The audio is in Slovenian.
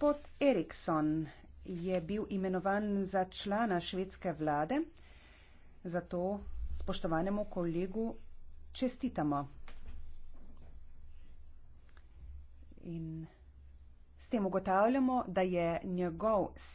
Gospod Eriksson je bil imenovan za člana švedske vlade, zato spoštovanemu kolegu čestitamo. In s tem ugotavljamo, da je njegov